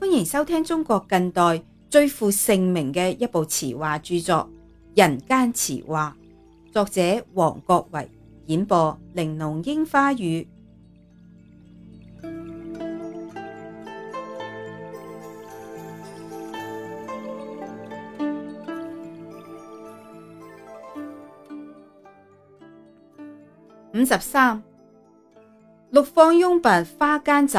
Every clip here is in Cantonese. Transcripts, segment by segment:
歡迎收聽中國近代最負盛名嘅一部詞話著作《人間詞話》，作者王國維，演播玲瓏櫻花雨。五十三，陸放翁跋花間集。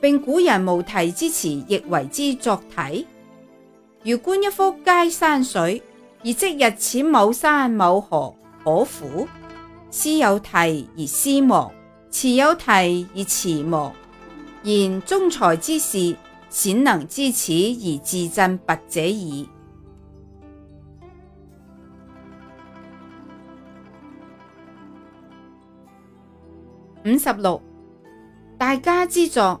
並古人無題之詞，亦為之作體如觀一幅皆山水，而即日此某山某河可苦。思有題而思亡，詞有題而詞亡。然中才之事，鮮能知此而自振拔者矣。五十六，大家之作。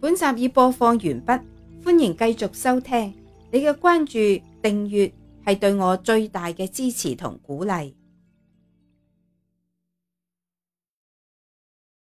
本集已播放完畢，歡迎繼續收聽。你嘅關注、訂閱係對我最大嘅支持同鼓勵。